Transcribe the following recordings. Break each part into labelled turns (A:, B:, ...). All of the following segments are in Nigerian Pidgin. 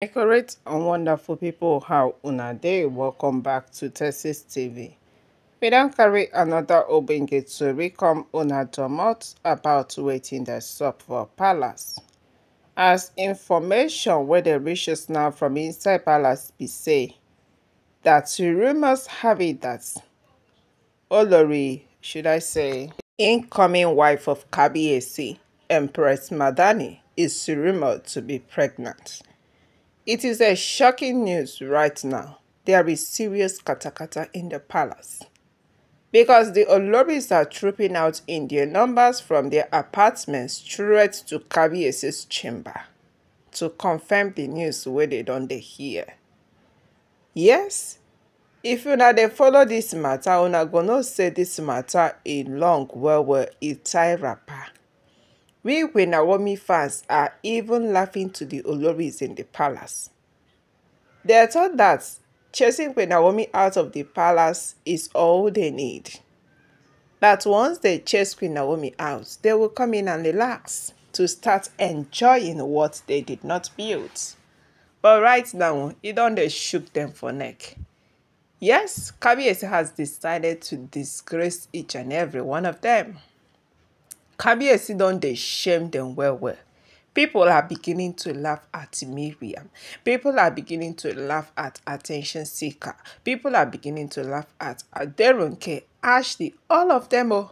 A: Decorate and wonderful people. how una day? welcome back to texas tv we don't carry another ogbonge tori come una domot about waiting the shop for palace as information wey dey reach now from inside palace be say that rumours have it that olori should i say incoming wife of kabiyesi empress madani is rumoured to be pregnant it is a shocking news right now. There is serious katakata in the palace. Because the Olobis are trooping out in their numbers from their apartments straight to Kabiese's chamber to confirm the news where they don't they hear. Yes, if you now they follow this matter, una gonna say this matter in long well well it tie up. We Naomi fans are even laughing to the Oloris in the palace. They are told that chasing Naomi out of the palace is all they need. That once they chase Queen Naomi out, they will come in and relax to start enjoying what they did not build. But right now, it only shook them for neck. Yes, Kabiesi has decided to disgrace each and every one of them. Kabiyesi don dey shame dem well well. People are beginning to laugh at Miriam. People are beginning to laugh at attention seeker. People are beginning to laugh at Aderonke, Ashley, all of them. Oh,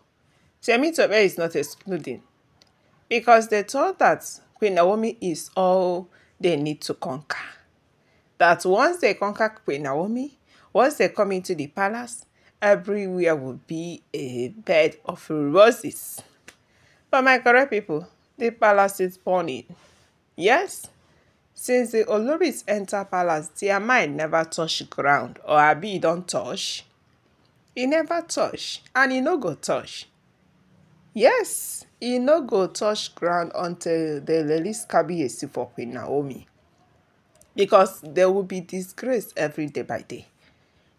A: Temitope is not excluding because they thought that Queen Naomi is all they need to conquer. That once they conquer Queen Naomi, once they come into the palace, everywhere will be a bed of roses. For my correct people, the palace is burning. Yes, since the Oloris enter palace, their mind never touch ground, or Abi e don touch. He never touch, and he no go touch. Yes, he no go touch ground until the release Kabiyesi for Queen Naomi. Because there will be disgrace every day by day.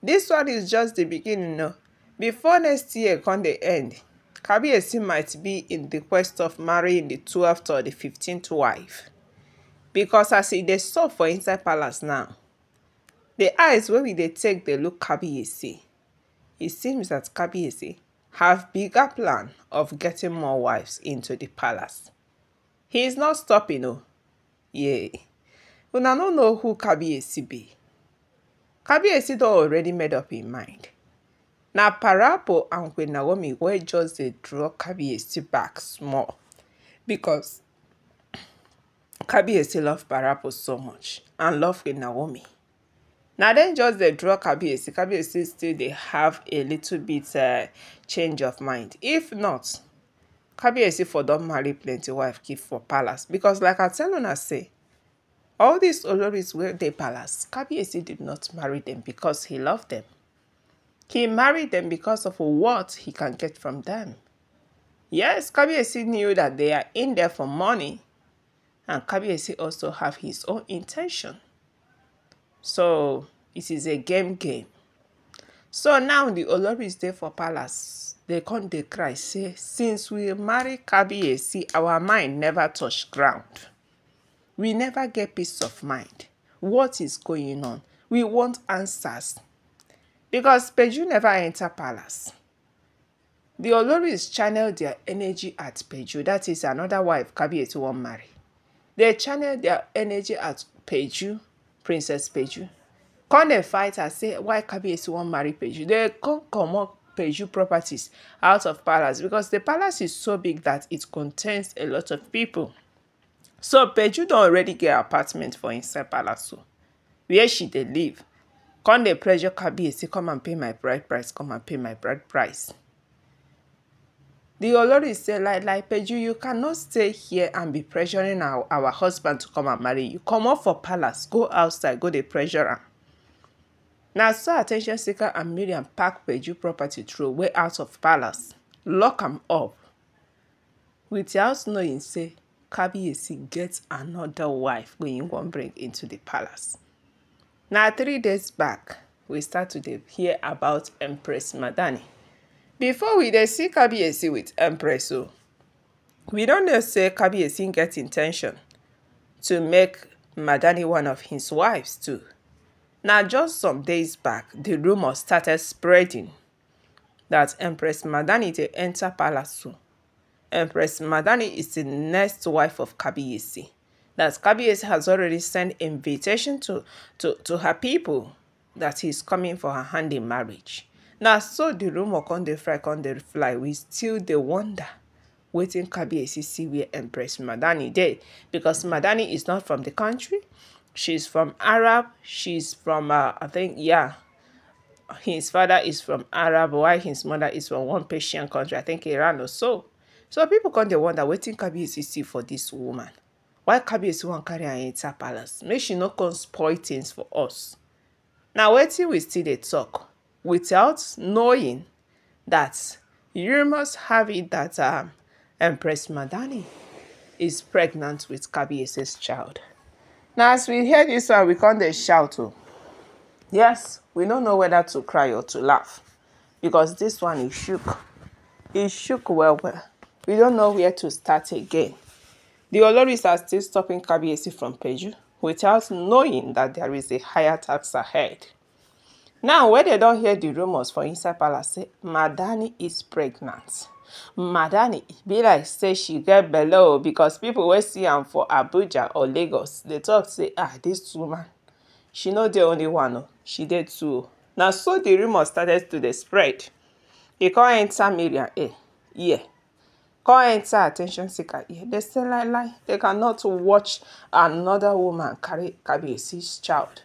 A: This one is just the beginning. No? Before next year, come the end. Kabiyesi might be in the quest of marrying the 12th or the 15th wife because as e dey sup for inside palace now the eyes where we they take dey look Kabiyesi it seems that Kabiyesi have bigger plan of getting more wives into the palace he is not stopping o oh. yay now no know who Kabiyesi be Kabiyesi don already made up in mind na parable and when naomi wey just drug draw kabiyesi back small because kabiyesi love parable so much and love with naomi Now, then just dey draw kabiyesi kabiyesi still they have a little bit uh, change of mind if not kabiyesi for don marry plenty wife keep for palace because like i tell I say all these oloris wey dey palace kabiyesi did not marry them because he love them. He married them because of what he can get from them. Yes, Kabiesi knew that they are in there for money, and Kabiesi also have his own intention. So it is a game game. So now the Olori is there for palace. They come dey cry say since we marry Kabiesi, our mind never touch ground. We never get peace of mind. What is going on? We want answers. because Peju never enter palace. The Oloris channel their energy at Peju. That is another wife Kabiyesi won't marry. They channel their energy at Peju, Princess Peju. Come dey fight and say why Kabiyesi won't marry Peju. They come up Peju properties out of palace because the palace is so big that it contains a lot of people. So Peju don't already get apartment for inside palace So where she they live come dey pressure kabir say come and pay my bride price come and pay my bride price the olori say like like peju you cannot stay here and be pressuring our, our husband to come and marry you comot for palace go outside go dey pressure am na so at ten tion seeker and miriam pack peju property throwaway out of palace lock am up without knowing say kabiyesi get another wife wey he wan bring into the palace. Now, three days back, we start to hear about Empress Madani. Before we dey see Kabiyesi with Empress o, we not know say Kabiyesi get intention to make Madani one of his wives too. Now just some days back, the rumor started spreading that Empress Madani dey enter palace soon. Empress Madani is the next wife of Kabiyesi that KBS has already sent invitation to, to, to her people that he's coming for her hand in marriage. Now, so the rumor come the fly, come the fly, we still the wonder waiting to see where Empress Madani did because Madani is not from the country. She's from Arab. She's from, uh, I think, yeah. His father is from Arab, while his mother is from one Persian country, I think Iran or so. So people come they wonder waiting to see for this woman why won't carry am enter palace make she no come spoil things for us wait till we still dey talk without knowing that rumours have it that um, empress madani is pregnant with kabiyesi's child Now, as we hear this one we come not shout o oh. yes we don't know whether to cry or to laugh because this one is shook It shook well well we don't know where to start again The Oloris are still stopping Kabiesi from Peju without knowing that there is a higher tax ahead. Now, when they don't hear the rumors for inside palace, say, Madani is pregnant. Madani, be like say she get below because people will see am for Abuja or Lagos. They talk say, ah, this woman, she not the only one, oh. she did too. Now, so the rumor started to the spread. He can't enter Media, eh? Yeah come enter attention, ten tion seeker ear dey say lai lai they cannot watch another woman carry Kabiyesi's child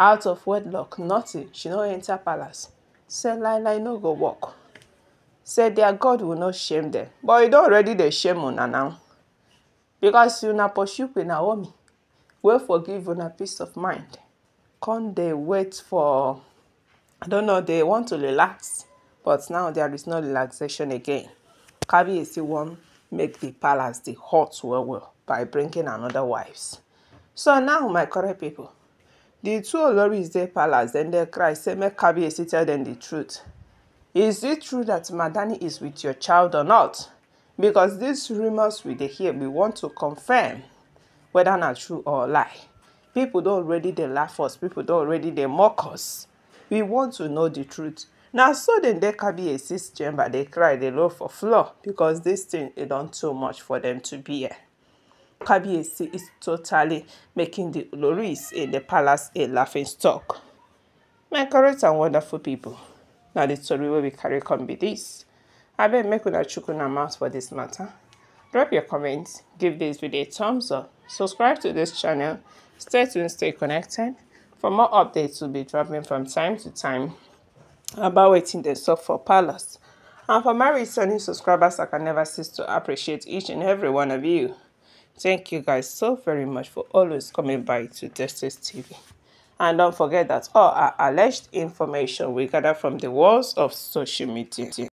A: out of wedlock nothing she no enter palace say lie, lie. no go work say their God will not shame them but e don already dey shame on her now because you na pursue with Naomi wey forgive give una peace of mind come they wait for I don't know they want to relax but now there is no relaxation again Kabiyesi wan make the palace dey hot well well by bringing another wives. So now my correct people, the two Oloris dey palace dem dey cry say make Kabiyesi tell dem the truth. Is it true that Madani is with your child or not? Because these rumors we dey hear, we want to confirm whether na true or lie. People don already dey laugh us, people don already dey mock us. We want to know the truth. Now, so be a kabiyesi chamber they cry the roll for floor because this thing is done too much for them to bear kabiyesi is totally making the Louis in the palace a laughing stock my correct and wonderful people. Now, di tori wey we carry come be dis abeg make una chook a mouth for this matter. drop your comments give this video a thumbs up subscribe to this channel stay tuned stay connected for more updates we'll be dropping from time to time about wetin dem sup for palace and for my returning subscribers i can never cease to appreciate each and every one of you thank you guys so very much for always coming by to justice tv and don't forget that all our alleged information we gather from the walls of social media